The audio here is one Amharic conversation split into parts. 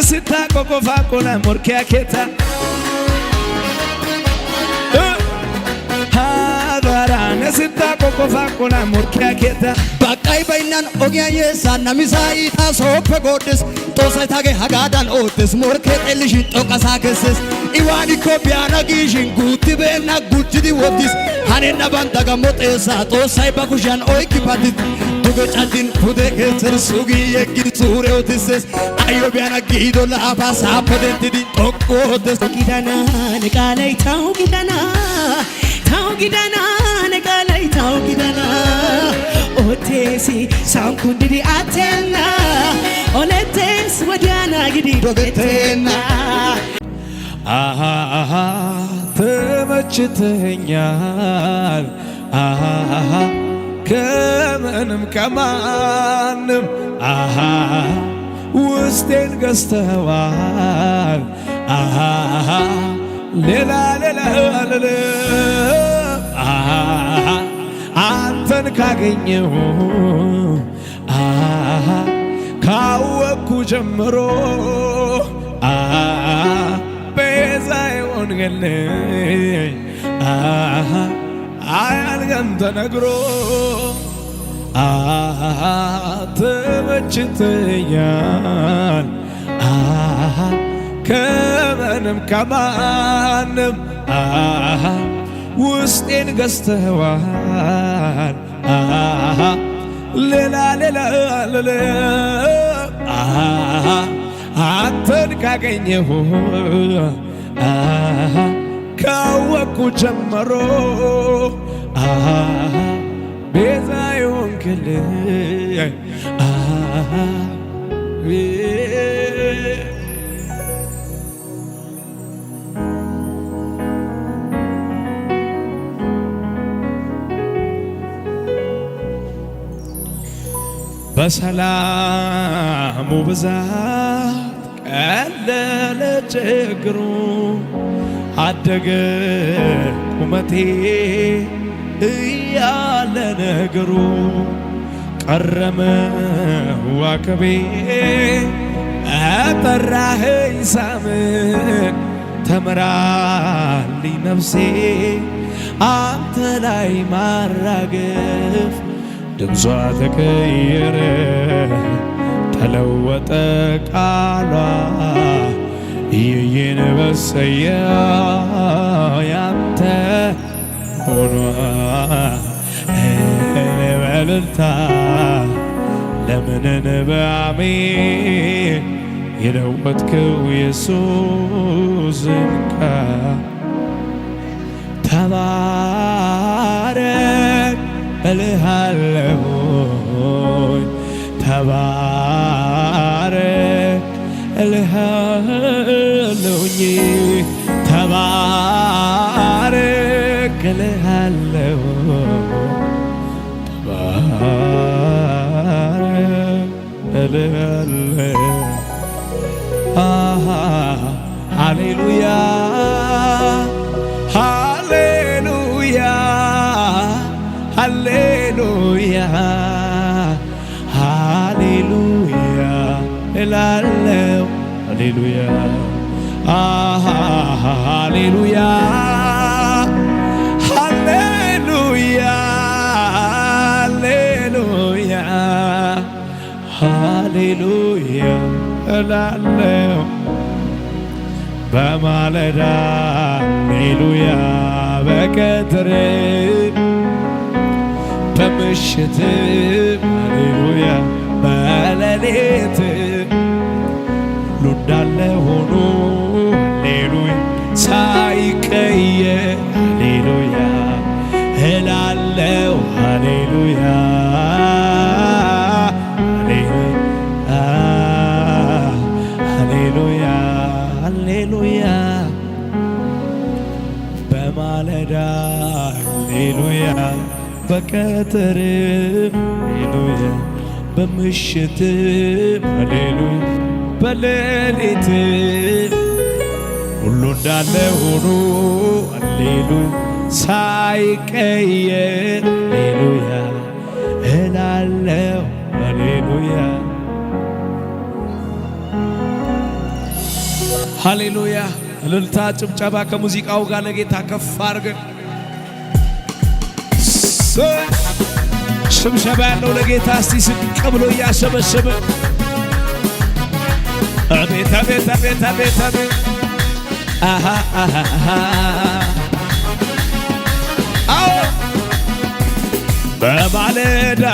Sita coco fa con la morchia Keessittaa qoqqofaa qolaa morkiyaa keetta. Baqqay baynnan ogiyaa yeessaa namisaa iitaa sooppe gooddis. Xoossay taagee hagaadan oottis morkee xeellishin xoqqasaa kessis. Iwaan ikkoo biyaana giishin guutti beenna gujjidi wottis. Hanenna bantta gammo xeessaa xoossay ba kushiyan oykki patis. Duge caddin pude keessan sugii yeggin suure otisses. Ayyo biyaana giido laafaa saappa denttidi xoqqu oottis. Gidana, niqaalay ta'uu gidana, ta'uu gidana. ጌታው ጊደና ኦቴሲ ሳንኩንድዲ አቴና ኦነቴስ ወዲያና ግዲ ዶገቴና አሃ ተመችተኛል አሃ ከምንም ከማንም አሃ ውስጤን ገዝተዋል አሃ ሌላ ሌላ ሌላ አንተን ካገኘሁ ካወቅኩ ጀምሮ ቤዛ የሆንክልኝ አያልገን ተነግሮ ተመችተኛል ከምንም ከማንም ውስጤን ገዝተዋል ሌላ ሌላ አንተን ካገኘሁ ካወቅኩ ጀምሮ ቤዛ የሆንክልኝ በሰላሙ ብዛት ቀለለ ችግሩ አደገ ቁመቴ እያለ ነገሩ ቀረመ ዋከቤ አጠራኸኝ ሳምን ተምራልኝ ነፍሴ አንተ ላይ ማራገፍ ድምጿ ተቀየረ፣ ተለወጠ ቃሏ እየየን በሰየ ያንተ ሆኗ በልልታ ለምንን በአሜን የለወጥከው ኢየሱስ ዝንካ ተባረክ እልሃለሁኝ ተባረክ እልሃለሁኝ ተባረክ እልሃለሁኝ ተባረክ እልሃለሁኝ አሌሉያ ላለው ሃሌሉያ ሃሌሉያ ሃሌሉያ እላለው በማለዳ ሃሌሉያ በምሽት ሃሌሉያ እንዳለ ሆኖ ሌሉያ ሳይቀየር ሃሌሉያ እላለው ሃሌሉያ ሃሌሉያ ሃሌሉያ በማለዳ ሃሌሉያ በቀትርም ሃሌሉያ በምሽትም ሃሌሉያ በሌሊት ሁሉ እንዳለ ሆኖ አሌሉ ሳይቀየር ሌሉያ እላለው አሌሉያ ሃሌሉያ። እልልታ ጭብጨባ ከሙዚቃው ጋር ለጌታ ከፍ አድርገን ሽብሸባ ያለው ለጌታ እስቲ ስቅ ብሎ እያሸበሸበ አቤት አቤት አቤት አቤት አቤት አሃ አሃ አዎ በማለዳ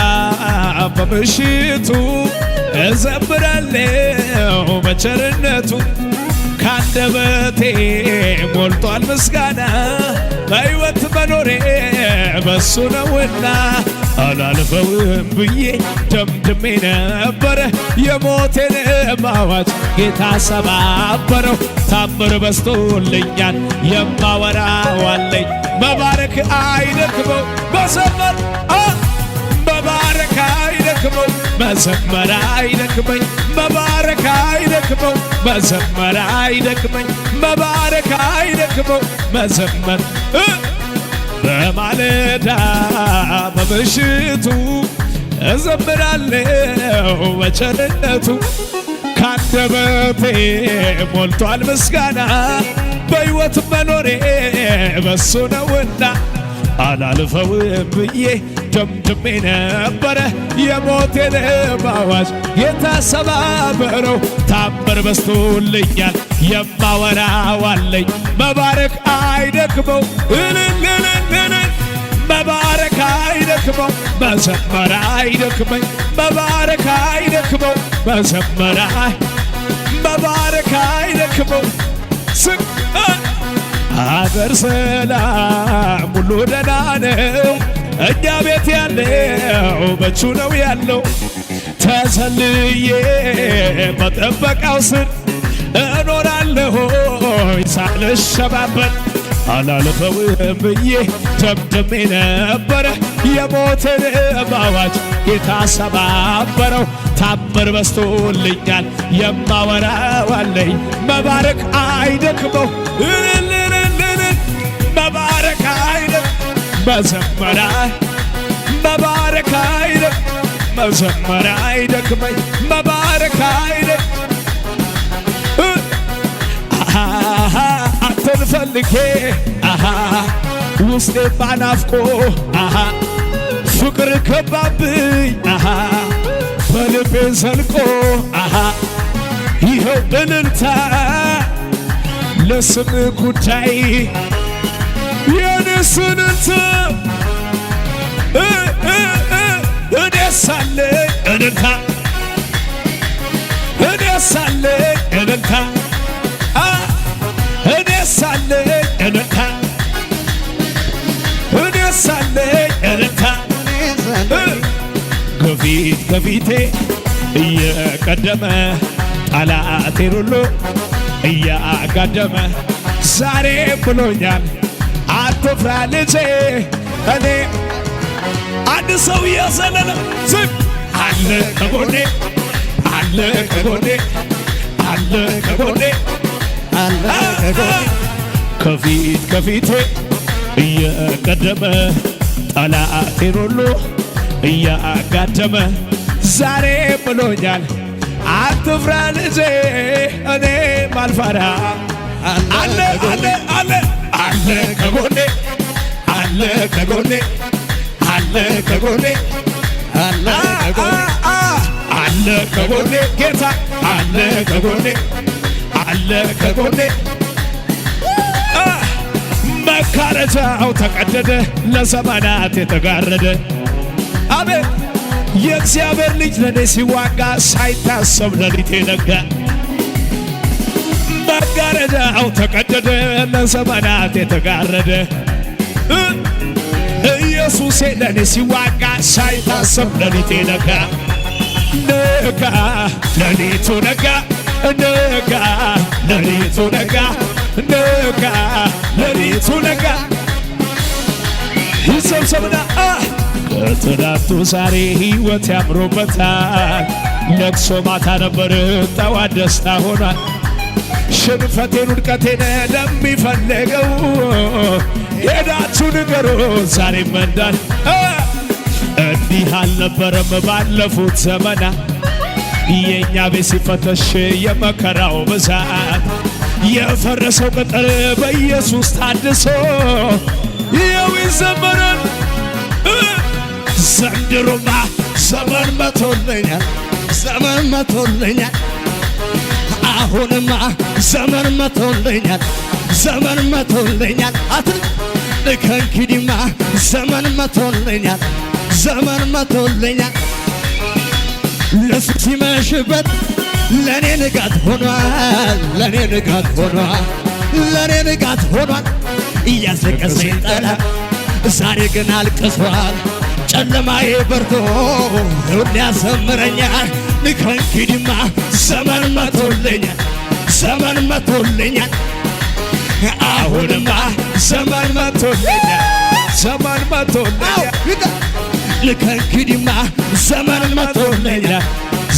በምሽቱ እዘምራለሁ በቸርነቱ ካንደበቴ ሞልቷል ምስጋና በሕይወት መኖሬ በሱ ነውና አላልፈውም ብዬ ደምድሜ ነበረ የሞቴን ማዋጅ ጌታ ሰባበረው። ታምር በስቶልኛል የማወራዋለኝ መባረክ አይደክመው መዘመር መባረክ አይደክመው መዘመር አይደክመኝ መባረክ አይደክመው መዘመር አይደክመኝ መባረክ አይደክመው መዘመር በማለዳ በምሽቱ እዘምራለሁ በቸርነቱ ካንደበቴ ሞልቷል ምስጋና በሕይወት መኖሬ በሱ ነውና አላልፈውም ብዬ ደምድሜ ነበረ የሞቴን አዋጅ የታሰባበረው ሰባበረው ታምር በስቶልኛል የማወራዋለኝ መባረክ አይደክመው እልልል ግን መባረክ አይደክመው መዘመር አይደክመኝ መባረክ አይደክመው መዘመር መባረክ አይደክመው አገር ሰላም ሁሉ ደህና ነው። እኛ ቤት ያለው መቹ ነው ያለው ተሰልዬ በጠበቃው ስር እኖራለሁ ሳልሸባበል አላልፈውም ብዬ ደምድሜ ነበረ የሞትን ማዋጅ ጌታ ሰባበረው። ታምር በስቶልኛል የማወራው አለኝ መባረክ አይደክመው መባረክ አይደክ መዘመራ መባረክ አይደክ መዘመራ አይደክመኝ መባረክ ፈልጌ ውስጤ ባናፍቆ ፍቅር ከባብኝ በልቤ ዘልቆ ይኸው እልልታ ለስም ጉዳይ የኔስንንት እኔሳለ እልልታ ከፊቴ እየቀደመ ጠላቴን ሁሉ እያጋደመ ዛሬ ብሎኛል አትፍራ ልጄ እኔ አንድ ሰው እያዘለለ ዝም አለ ከጎኔ አለ ከጎኔ አለ ከጎኔ አለ ከጎኔ ከፊት ከፊቴ እየቀደመ ጠላቴን ሁሉ እያጋደመ ዛሬ ብሎኛል አትፍራ ልጄ እኔ ማልፈራ አለ አለ አለ አለ ከጎኔ አለ ከጎኔ አለ ከጎኔ አለ ከጎኔ አለ ከጎኔ ጌታ አለ ከጎኔ አለ ከጎኔ መጋረጃው ተቀደደ ለዘመናት የተጋረደ አቤት የእግዚአብሔር ልጅ ለእኔ ሲዋጋ ሳይታሰብ ለሊቴ ነጋ። መጋረጃው ተቀደደ፣ ለዘመናት የተጋረደ ኢየሱሴ ለእኔ ሲዋጋ ሳይታሰብ ለሊቴ ነጋ። ነጋ ለሊቱ ነጋ፣ ነጋ ለሊቱ ነጋ፣ ነጋ ለሊቱ ትናንቱ ዛሬ ሕይወት ያምሮበታል። ለቅሶ ማታ ነበር፣ ጠዋት ደስታ ሆኗል። ሽንፈቴን ውድቀቴን ለሚፈለገው ሄዳችሁ ንገሩ ዛሬ መንዳል። እንዲህ አልነበረም ባለፉት ዘመና የእኛ ቤት ሲፈተሽ የመከራው ብዛት የፈረሰው ቅጥር በኢየሱስ ታድሶ ይኸው ይዘመራል። ዘንድሮማ ዘመን መቶልኛል፣ ዘመን መቶልኛል፣ አሁንማ ዘመን መቶልኛል፣ ዘመን መቶልኛል፣ አትል ከእንግዲህማ ዘመን መቶልኛል፣ ዘመን መቶልኛል። ለሱ ሲመሽበት ለእኔ ንጋት ሆኗል፣ ለእኔ ንጋት ሆኗል፣ ለእኔ ንጋት ሆኗል። እያዘቀሰኝ ጠላት ዛሬ ግን አልቅሷል ጨለማዬ በርቶ ሁሌ ያሰምረኛል። ከእንግዲህማ ዘመን መቶልኛል፣ ዘመን መቶልኛል። አሁንማ ዘመን መቶልኛል፣ ዘመን መቶልኛል። ከእንግዲህማ ዘመን መቶልኛል፣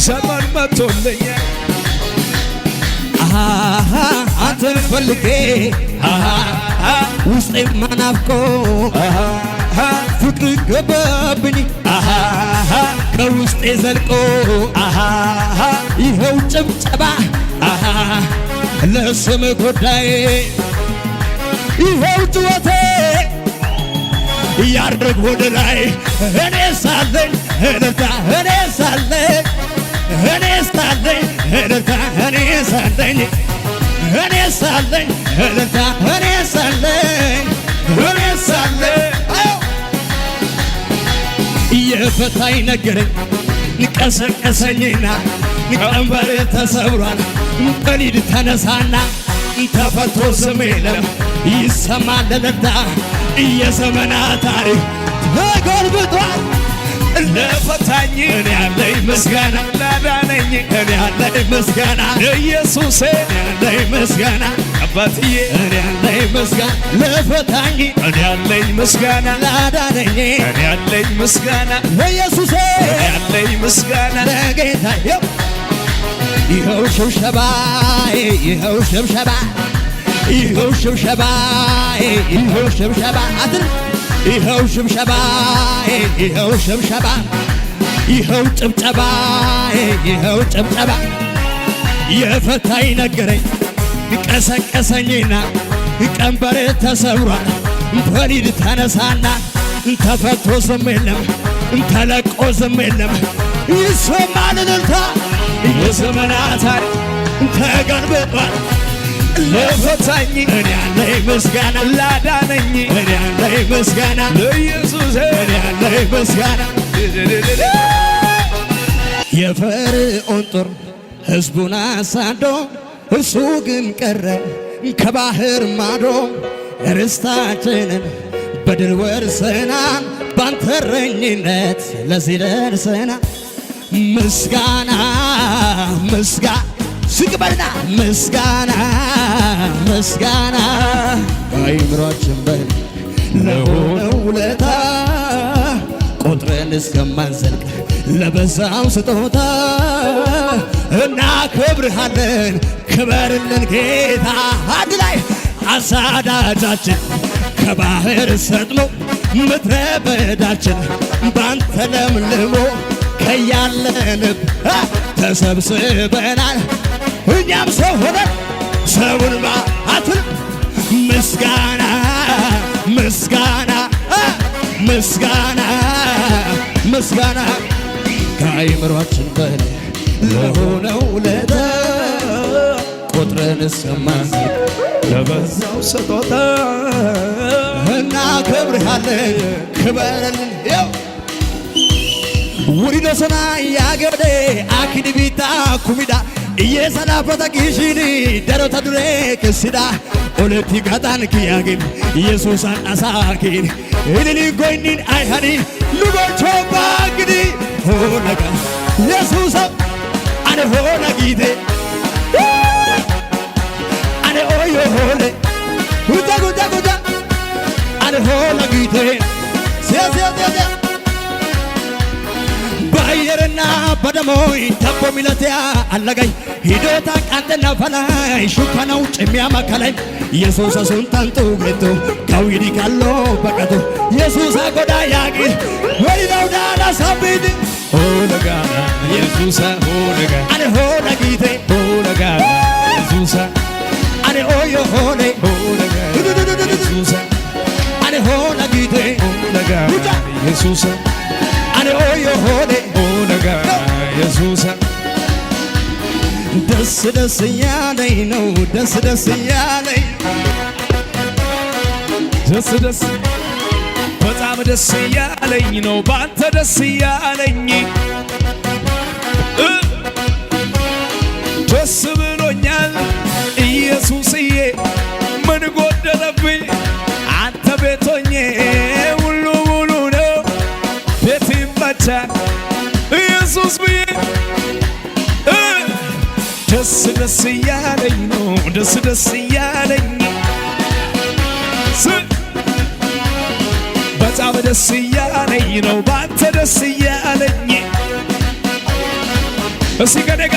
ዘመን መቶልኛል። አንተን ፈልጌ ውስጤ ማናፍቆ ፍቅር ገባብኝ አሃ ከውስጤ ዘልቆ አሃ ይኸው ጭብጨባ አሃ ለስም ጉዳይ ይኸው ጭወቴ ያድርግ ወደ ላይ እኔ ሳለኝ እልልታ እኔ ሳለኝ እኔ ሳለኝ እልልታ እኔ ሳለኝ እኔ ሳለኝ እልልታ እኔ ሳለኝ ፈታይ ነገረኝ ንቀሰቀሰኝና ንቀንበር ተሰብሯል ቀሊድ ተነሳና ተፈቶ ስም የለም ይሰማል እልልታ የዘመና ታሪክ ተጎልብቷል። ለፈታኝ እኔ ያለኝ ምስጋና ላዳነኝ እኔ ያለኝ ምስጋና ኢየሱሴ እኔ ያለኝ ምስጋና አባትዬ እኔ ያለኝ ምስጋና ለፈታኝ እኔ ያለኝ ምስጋና ላዳነኝ እኔ ያለኝ ምስጋና ለኢየሱሴ እኔ ያለኝ ምስጋና ለጌታ ይኸው ሽብሸባ ይኸው ሽብሸባ ይኸው ሽብሸባ ይኸው ሽብሸባ አትር ይኸው ሽብሸባ ይኸው ሽብሸባ ይኸው ጭብጨባ ይኸው ጭብጨባ የፈታኝ ነገረኝ ቀሰቀሰኝና ቀንበር ተሰብሯል በሊል ተነሳና ተፈቶ ዝም የለም ተለቆ ዝም የለም ይሰማል እልልታ የዘመናት ታሪክ ተገልብጧል ለፈታኝ እኔ ያለኝ ምስጋና ላዳነኝ እኔ ያለኝ ምስጋና ለኢየሱስ እኔ ያለኝ ምስጋና የፈርዖን ጦር ሕዝቡን አሳዶ እሱ ግን ቀረ ከባህር ማዶ ርስታችንን በድል ወርሰናል። ባንተ ለዚህ ደርሰናል። ምስጋና ምስጋ ዝግበልና ምስጋና ምስጋና አይምሯችን በል ለሆነ ውለታ ቆጥረን እስከማንዘልቅ ለበዛው ስጦታ እናከብርሃለን። ክበርልን ጌታ። አንድ ላይ አሳዳጃችን ከባህር ሰጥሞ ምድረ በዳችን ባንተ ለምልሞ ከያለንብ ተሰብስበናል። እኛም ሰው ሆነን ሰውን ማአትን ምስጋና ምስጋና ምስጋና ምስጋና ከአይምሯችን በላይ ለሆነው ውለታ ቆጥረን ሰማን ለበዛው ስጦታ እናከብርሃለን ክበረልን ው ውሪደሰና ያገደ አኪን ቢታ ኩሚዳ እየሰናፈተ ጊሽን ደረተ ዱሬ ክስዳ ሁለት ጋጣን ክያግን ኢየሱሳን አሳኪን እልልን ጎይኒን አይሃኒ ሉጎቾ ባግዲ ሆነጋ ኢየሱሳ anefona gite ane oyo hole guda guda guda anefona gite sia sia sia sia ባየርና በደሞይ ተቦ ሚለትያ አለገኝ ሂዶታ ቃንተና ፈላይ ሹከናው ጭሚያ መከላይ ኢየሱስ ሱንታንቱ ጌቱ ከዊዲ ካሎ በቀቱ ኢየሱስ አጎዳ ያቂ ወይዳውዳና ሳቢድ ደስ ደስ እያለኝ ነው ደስ ደስ እያለኝ ደስ ደስ በጣም ደስ እያለኝ ነው ባንተ ደስ እያለኝ ደስ ብሎኛል ኢየሱስዬ ምን ጎደለብኝ አንተ ቤቶኜ ሁሉ ሙሉ ነው ቤት ይመቻል ኢየሱስ ብዬ ደስ ደስ እያለኝ ነው ደስ ደስ እያለኝ ደስ እያለኝ ነው ባንተ ደስ እያለኝ እሲ ከደጋ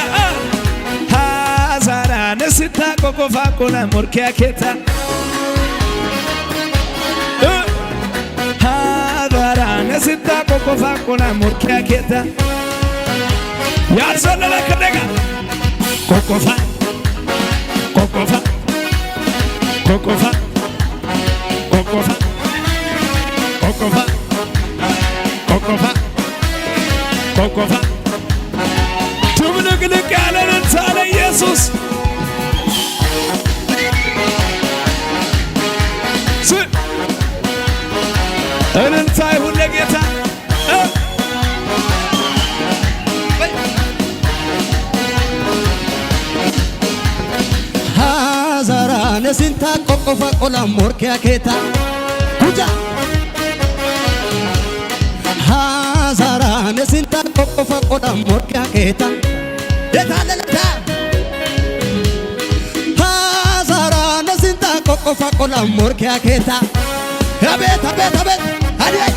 ሀዛራን ስታ ቆቆፋ ቆላ ሞርኪያ ኬታ ሀዛራን ስታ ቆቆፋ ቆላ ሞርኪያ ኬታ ያልዘለለ ከደጋ ቆቆፋ ቆቆፋ ቆቆፋ ኢየሱስ እልልታ ይሁን ለጌታ። ሀዛራነ ሲንታ ቆቆፋ ቆላ ሞርኪያ ኬታ ጉጃ ሀዛራነ ሲንታ ቆቆፋ ቆላ ሞርኪያ ኬታ ደታለለታ qofa qola morkiyaa keessaa abeet abeet abeet adee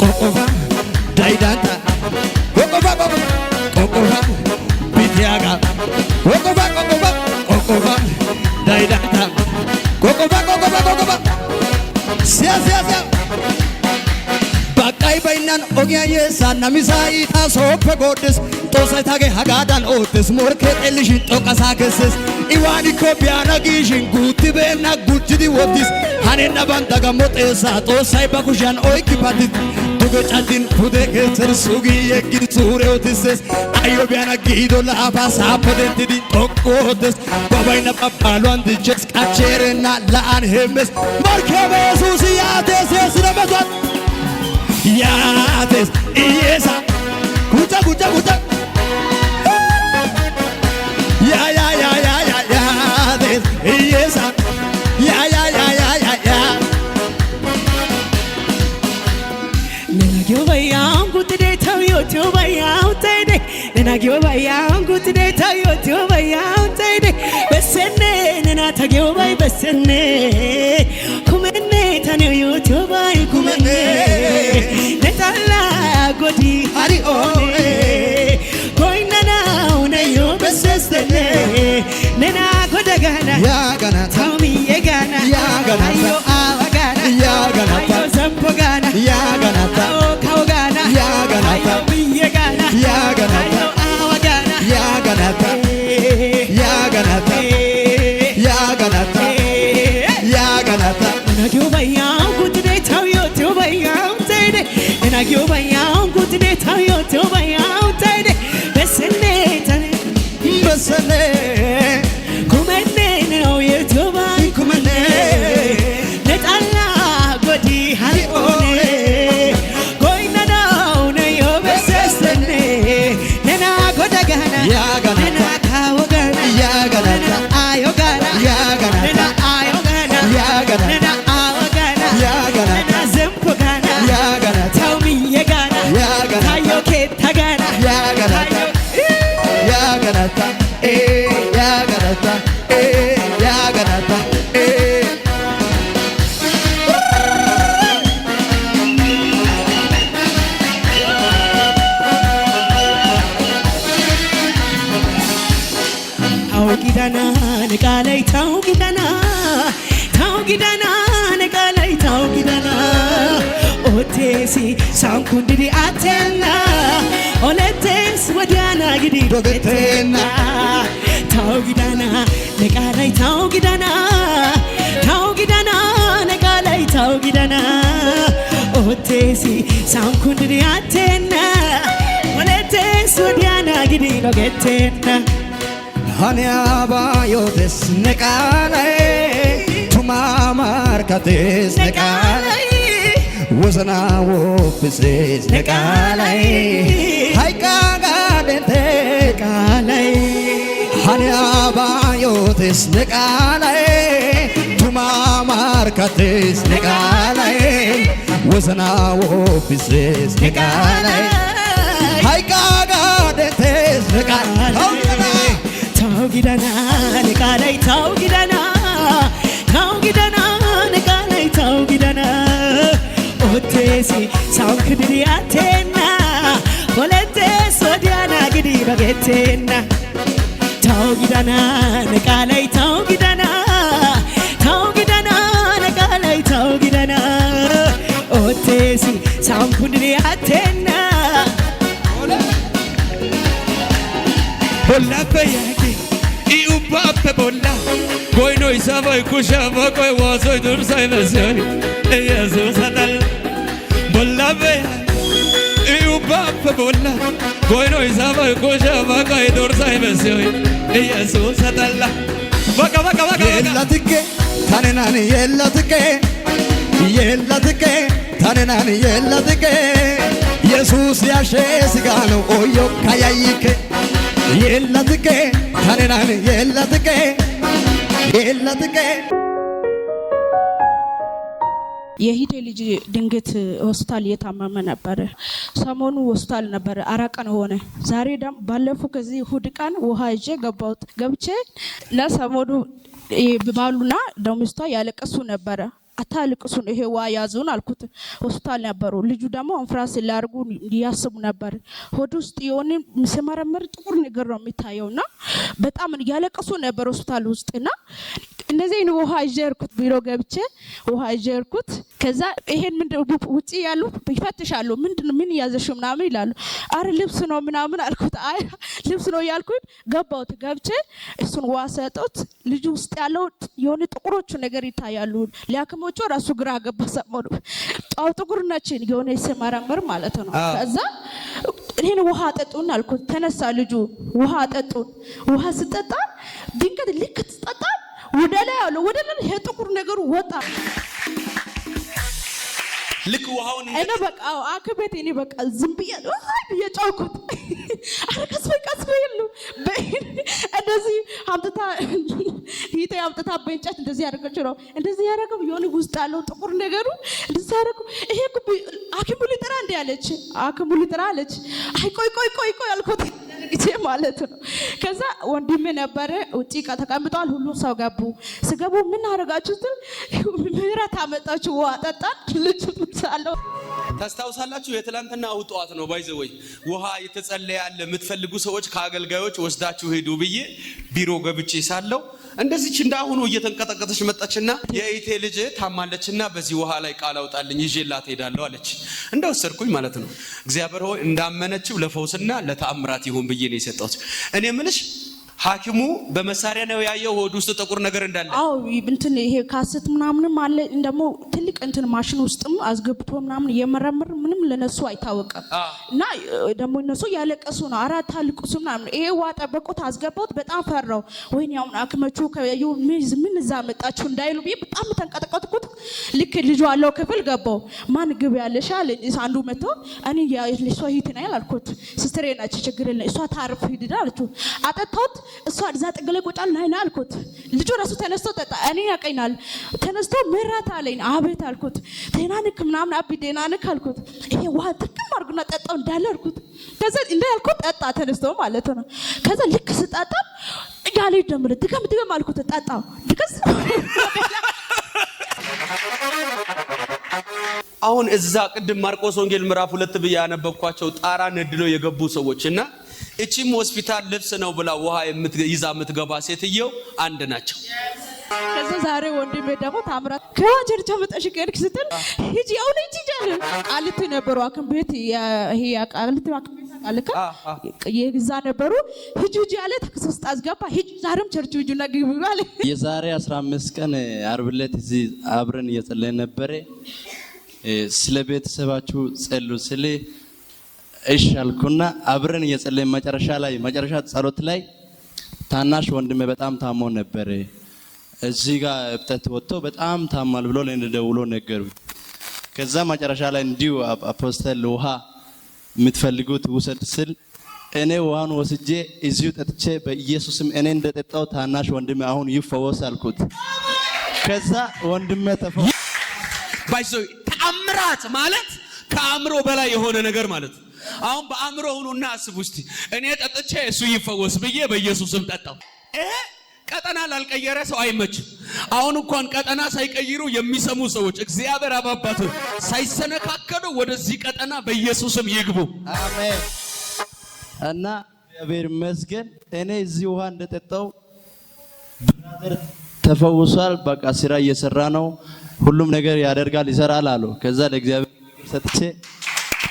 qoqqofa daayidaanta qoqqofa qoqqofa bitiyaaga qoqqofa qoqqofa qoqqofa daayidaanta qoqqofa qoqqofa qoqqofa siya siya siya baqqay baynnan ogiyaa yeessaa namisaa iitaa sooppe goodhes xoossataage hagaadan oottees morkkee xellishin xoqqasaa kessees i waanikko biyana giishin guuttibeenna gujjidi wottiis hanennaban dagammo xeessaa xoossay ba kushiyan oykki patis duge caddin pude geessen sugi yeggin suure otissees ayyo biyana giido laafaa saappe denttidi xoqqu oottees gobayna babbaaluwan dichchees qachcheerenna la'an heemmees morkkeebe yesuusi yaatees yeessida metuwan yaatees iyyeesa gucca gucca gucca Hari oh. yaa ganaa you're gonna ሳንኩ እንግዲህ አቴና ኦነቴስ ወዲያና ግዲ ታው ጊዳና ነቃ ላይ ታው ጊዳና ታው ጊዳና ነቃ ላይ ታው ጊዳና ኦቴሲ እንግዲህ አቴና ወዲያና ግዲ ነቃ ላይ ነቃ ላይ ወዘናዎ ብስስ ነቃላይ ሃይቃጋደንቴ ቃላይ ሃንያባዮትስ ነቃላይ ቱማማርከትስ ነቃላይ ወዘናዎ ብስስ ነቃላይ ሃይቃጋደንቴ ቃላይ ታውጊደና ንቃላይ ታውጊደና ታውጊደና ንቃላይ ታውጊደና ሁቴሲ ሳውንክ ድድያቴና ኮለቴስ ወዲያና ግዲ በጌቴና ታው ነቃ ላይ ታው ጊዳና ነቃ ላይ ታው ጊዳና ኦቴሲ ሳውንክ ድድያቴና ቦላበ ያጌ ቦላ ጎይኖ ይሰባይ ኩሻ በቆይ ዋሶይ ዱርሳይ መስዮን ኢየሱስ አጠላ gollaabee iyuubbaaffe bolla goynoo isaa baqooshaa waaqa iddoorsaa himesee iyyeessuun satalla. Baqa baqa baqa. Yeellatike tani naan yeellatike yeellatike tani naan yeellatike Yesuus yaashee sigaanu ooyyoo kayayyike yeellatike tani naan yeellatike yeellatike. የሂዴ ልጅ ድንገት ሆስፒታል እየታመመ ነበረ። ሰሞኑ ሆስፒታል ነበረ፣ አራቀን ሆነ። ዛሬ ደም ባለፉ ከዚህ እሑድ ቀን ውሃ ይዤ ገባሁት። ገብቼ ለሰሞኑ ባሉና ደሚስቷ ያለቀሱ ነበረ አታልቅሱን ይሄ ዋ ያዙን አልኩት። ሆስፒታል ነበሩ። ልጁ ደግሞ አንፍራስ ሊያርጉ እንዲያስቡ ነበር። ሆድ ውስጥ የሆነ ስመረምር ጥቁር ነገር ነው የሚታየው እና በጣም እያለቀሱ ነበር ሆስፒታል ውስጥ እና እነዚህን ውሃ ይጀርኩት ቢሮ ገብቼ ውሃ ይጀርኩት። ከዛ ይሄን ምንድን ውጭ ያሉ ይፈትሻሉ። ምንድን ምን ያዘሽው ምናምን ይላሉ። አረ ልብስ ነው ምናምን አልኩት። አይ ልብስ ነው እያልኩኝ ገባሁት። ገብቼ እሱን ውሃ ሰጡት። ልጁ ውስጥ ያለው የሆነ ጥቁሮቹ ነገር ይታያሉ ሊያክሙ ወንድሞቹ ራሱ ግራ ገባ። ሰሞኑ ጣው ጥቁር ናችን የሆነ ሲመረምር ማለት ነው። ከዛ ይህን ውሃ ጠጡን አልኩት። ተነሳ ልጁ ውሃ ጠጡን። ውሃ ስጠጣ ድንገት ልክ ትጠጣ ወደ ላይ አለ ወደ ላይ ይሄ ጥቁር ነገሩ ወጣ። ልክ ውሃውን እኔ በቃ አክቤት እኔ በቃ ዝም ብዬ ጫውኩት ኧረ ቀስ በይ ቀስ በይ የሉ እንደዚህ አምጥታ ሂቴ አምጥታብኝ እንጨት እንደዚህ ያደረገች ነው እንደዚህ ያደረገው የሆነ ውስጥ ያለው ጥቁር ነገሩ እንደዚህ ያደረገው ይሄ ሐኪሙ ሊጥራ እንዲህ አለች ሐኪሙ ሊጥራ አለች። አይ ቆይ ቆይ ቆይ ቆይ አልኩት ጊዜ ማለት ነው። ከዛ ወንድሜ ነበረ ውጭ ተቀምጧል። ሁሉም ሰው ገቡ። ስገቡ ምን አደረጋችሁ? ምህረት አመጣችሁ፣ ውሃ ጠጣን። ልጅ ሳለው ታስታውሳላችሁ። የትላንትና ውጠዋት ነው ባይዘወይ ውሃ የተጸለየ ያለ የምትፈልጉ ሰዎች ከአገልጋዮች ወስዳችሁ ሄዱ ብዬ ቢሮ ገብቼ ሳለው እንደዚች እንዳሁኑ እየተንቀጠቀጠች መጣችና የኢቴ ልጅ ታማለችና በዚህ ውሃ ላይ ቃል አውጣልኝ ይዤላት ሄዳለሁ አለች። እንደወሰድኩኝ ማለት ነው። እግዚአብሔር ሆይ እንዳመነችው ለፈውስና ለተአምራት ይሁን ብዬ ነው የሰጠሁት። እኔ ምልሽ ሐኪሙ በመሳሪያ ነው ያየው ሆድ ውስጥ ጥቁር ነገር እንዳለ። አዎ እንትን ይሄ ካስት ምናምንም አለ ደግሞ ትልቅ እንትን ማሽን ውስጥም አስገብቶ ምናምን እየመረምር ምንም ለነሱ አይታወቅም። እና ደግሞ እነሱ ያለቀሱ ነው አራት አልቅሱ ምናምን ይሄ ዋጠ በቆት አስገባሁት። በጣም ፈራው ወይኔ አሁን አክመቹ ከዩ ምን እዛ መጣችሁ እንዳይሉ ብዬ በጣም ተንቀጠቀጥኩት። ልክ ልጁ አለው ክፍል ገባው። ማን ግብ ያለሻ አለ አንዱ መጥቶ እኔ ያ ልጅ ሰው አልኩት። ነው ሲስተር ናቸው ችግር የለም እሷ ታርፍ ሂድ አለችው። አጠጣሁት እሷ እዛ ጥግ ላይ ቁጫል ናይና አልኩት። ልጁ ራሱ ተነስቶ ጠጣ። እኔ ያቀኛል ተነስቶ ምራት አለኝ። አቤት አልኩት። ቴናንክ ምናምን አቢ ዴናንክ አልኩት። ይሄ ውሃ ጥቅም አድርጉና ጠጣው እንዳለ አልኩት። ከዛ እንደ ያልኩት ጠጣ ተነስቶ ማለት ነው። ከዛ ልክ ስጠጣ እያለ ይጀምር ድገም ድገም አልኩት። ጠጣ ድገስ አሁን እዛ ቅድም ማርቆስ ወንጌል ምዕራፍ ሁለት ብዬ ያነበብኳቸው ጣራ ነድሎ የገቡ ሰዎች እና እቺም ሆስፒታል ልብስ ነው ብላ ውሃ ይዛ የምትገባ ሴትየው አንድ ናቸው። ከዛ ዛሬ ወንድሜ ደግሞ ታምራት ከዋጀርቻ መጣሽ ከልክ ስትል ሂጂ አሁን ሂጂ ጃል ቃሊቲ ነበሩ አክም ቤት ይሄ ቃሊቲ አክም አለካ የግዛ ነበሩ ሂጂ ሂጂ አለ ተከሰስ አስገባ ሂጂ ዛሬም ቸርቹ ሂጂና ግቢ አለ። የዛሬ 15 ቀን አርብ ዕለት እዚህ አብረን እየጸለይን ነበረ። ስለ ቤተሰባችሁ ጸሉ ስለ እሺ አልኩና አብረን እየጸለይን መጨረሻ ላይ መጨረሻ ጸሎት ላይ ታናሽ ወንድሜ በጣም ታሞ ነበር። እዚህ ጋር እብጠት ወጥቶ በጣም ታማል ብሎ ለእኔ ደውሎ ነገሩ። ከዛ መጨረሻ ላይ እንዲሁ አፖስተል ውሃ የምትፈልጉት ውሰድ ስል እኔ ውሃን ወስጄ እዚሁ ጠጥቼ በኢየሱስም እኔ እንደጠጣው ታናሽ ወንድሜ አሁን ይፈወስ አልኩት። ከዛ ወንድሜ ተፈ ተአምራት ማለት ከአእምሮ በላይ የሆነ ነገር ማለት ነው። አሁን በአእምሮ ሁኑና አስቡ እስቲ እኔ ጠጥቼ እሱ ይፈወስ ብዬ በኢየሱስም ጠጣው። ይሄ ቀጠና ላልቀየረ ሰው አይመችም። አሁን እንኳን ቀጠና ሳይቀይሩ የሚሰሙ ሰዎች እግዚአብሔር አባባቱ ሳይሰነካከሉ ወደዚህ ቀጠና በኢየሱስም ይግቡ። አሜን። እና እግዚአብሔር ይመስገን እኔ እዚህ ውሃ እንደጠጣው ብራዘር ተፈውሷል። በቃ ስራ እየሰራ ነው፣ ሁሉም ነገር ያደርጋል፣ ይሰራል አሉ። ከዛ ለእግዚአብሔር ሰጥቼ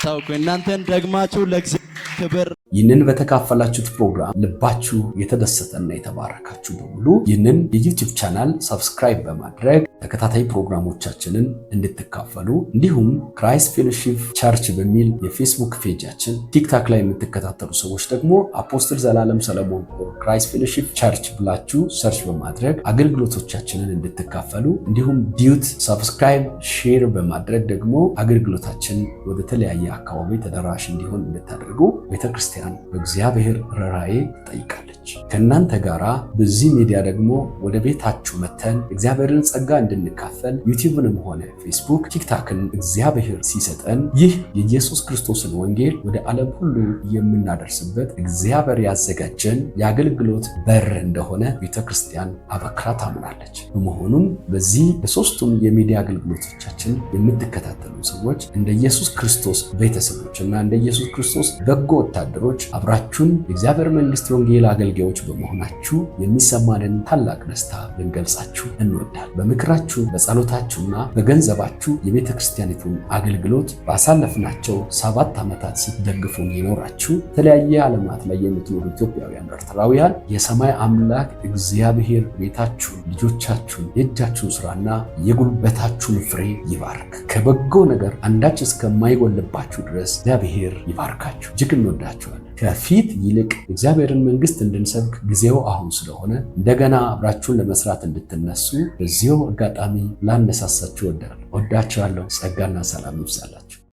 ታውቁ እናንተን ደግማችሁ ለእግዚአብሔር ክብር ይህንን በተካፈላችሁት ፕሮግራም ልባችሁ የተደሰተና የተባረካችሁ በሙሉ ይህንን የዩቲዩብ ቻናል ሰብስክራይብ በማድረግ ተከታታይ ፕሮግራሞቻችንን እንድትካፈሉ እንዲሁም ክራይስት ፌሎሺፕ ቸርች በሚል የፌስቡክ ፔጃችን፣ ቲክታክ ላይ የምትከታተሉ ሰዎች ደግሞ አፖስትል ዘላለም ሰለሞን ክራይስት ፌሎሺፕ ቸርች ብላችሁ ሰርች በማድረግ አገልግሎቶቻችንን እንድትካፈሉ እንዲሁም ዲዩት ሰብስክራይብ፣ ሼር በማድረግ ደግሞ አገልግሎታችን ወደ ተለያየ አካባቢ ተደራሽ እንዲሆን እንድታደርጉ ቤተክርስቲያን ክርስቲያን በእግዚአብሔር ርኅራኄ ትጠይቃለች። ከእናንተ ጋራ በዚህ ሚዲያ ደግሞ ወደ ቤታችሁ መተን እግዚአብሔርን ጸጋ እንድንካፈል ዩቲዩብንም ሆነ ፌስቡክ፣ ቲክታክን እግዚአብሔር ሲሰጠን ይህ የኢየሱስ ክርስቶስን ወንጌል ወደ ዓለም ሁሉ የምናደርስበት እግዚአብሔር ያዘጋጀን የአገልግሎት በር እንደሆነ ቤተ ክርስቲያን አበክራ ታምናለች። በመሆኑም በዚህ በሶስቱም የሚዲያ አገልግሎቶቻችን የምትከታተሉ ሰዎች እንደ ኢየሱስ ክርስቶስ ቤተሰቦች እና እንደ ኢየሱስ ክርስቶስ በጎ ወታደሮች ባሪያዎች አብራችሁን የእግዚአብሔር መንግስት ወንጌል አገልጋዮች በመሆናችሁ የሚሰማንን ታላቅ ደስታ ልንገልጻችሁ እንወዳል። በምክራችሁ በጸሎታችሁና በገንዘባችሁ የቤተ ክርስቲያኒቱን አገልግሎት ባሳለፍናቸው ሰባት ዓመታት ስትደግፉን ይኖራችሁ የተለያየ ዓለማት ላይ የምትኖሩ ኢትዮጵያውያን፣ ኤርትራውያን የሰማይ አምላክ እግዚአብሔር ቤታችሁን፣ ልጆቻችሁን፣ የእጃችሁን ስራና የጉልበታችሁን ፍሬ ይባርክ። ከበጎ ነገር አንዳች እስከማይጎልባችሁ ድረስ እግዚአብሔር ይባርካችሁ። እጅግ እንወዳችኋል። ከፊት ይልቅ እግዚአብሔርን መንግስት እንድንሰብክ ጊዜው አሁን ስለሆነ እንደገና አብራችሁን ለመስራት እንድትነሱ በዚሁ አጋጣሚ ላነሳሳችሁ ወዳለሁ። ወዳችኋለሁ። ጸጋና ሰላም ይብዛላችሁ።